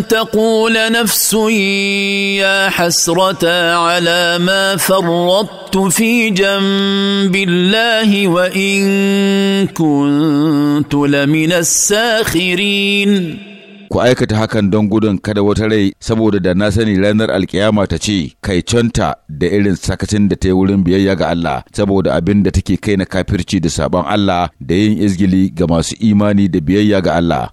تقول نفس يا حسرة على ما فرطت في جنب الله وإن كنت لمن الساخرين ku aikata hakan don gudun kada wata rai saboda da na sani ranar alkiyama ta ce kai canta da irin sakacin da ta yi wurin biyayya ga Allah saboda abin da take kai na kafirci da sabon Allah da yin izgili ga masu imani da biyayya ga Allah